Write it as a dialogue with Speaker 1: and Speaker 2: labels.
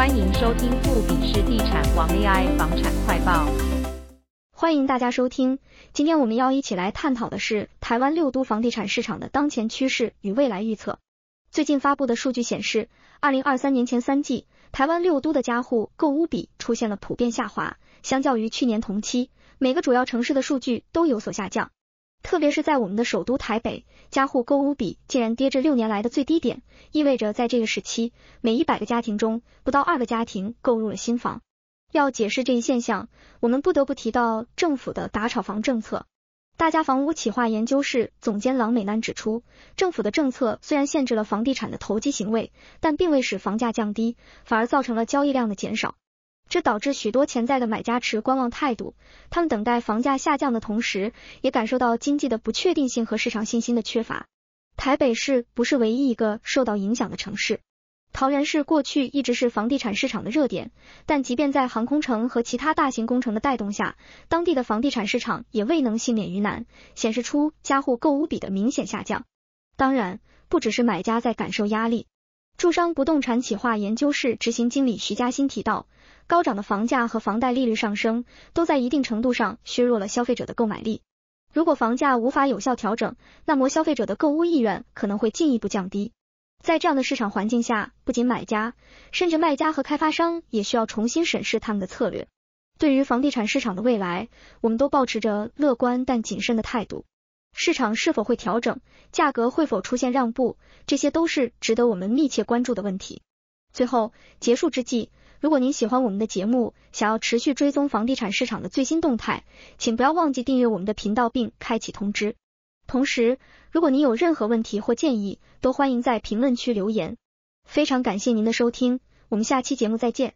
Speaker 1: 歡迎收聽富比士地產王 AI 房產快報。歡迎大家收聽，今天我們要一起來探討的是台灣六都房地產市場的當前趨勢與未來預測。最近發布的數據顯示，二零二三年前三季，台灣六都的家戶購屋比出現了普遍下滑，相較於去年同期，每個主要城市的數據都有所下降。特別是在我們的首都台北，家戶購屋比竟然跌至六年來的最低點，意味着在這個時期，每一百個家庭中不到二個家庭購入了新房。要解釋這一現象，我們不得不提到政府的打炒房政策。大家房屋企劃研究室總監郎美南指出，政府的政策雖然限制了房地產的投機行為，但並未使房價降低，反而造成了交易量的減少。這導致許多潛在的買家持觀望態度，他們等待房價下降的同時，也感受到經濟的不確定性和市場信心的缺乏。台北市不是唯一一個受到影響的城市，桃園市過去一直是房地產市場的熱點，但即便在航空城和其他大型工程的帶動下，當地的房地產市場也未能幸免於難，顯示出家戶購屋比的明顯下降。當然，不只是買家在感受壓力。住商不動產企劃研究室執行經理徐嘉欣提到，高漲的房價和房貸利率上升，都在一定程度上削弱了消費者的購買力。如果房價無法有效調整，那麼消費者的購屋意願可能會進一步降低。在這樣的市場環境下，不僅買家，甚至賣家和開發商也需要重新審視他們的策略。對於房地產市場的未來，我們都保持着樂觀但謹慎的態度。市場是否會調整？價格會否出現讓步？這些都是值得我們密切關注的問題。最後，結束之際，如果您喜歡我們的節目，想要持續追蹤房地產市場的最新動態，請不要忘記訂閱我們的頻道並開啟通知。同時，如果您有任何問題或建議，都歡迎在評論區留言。非常感謝您的收聽，我們下期節目再見。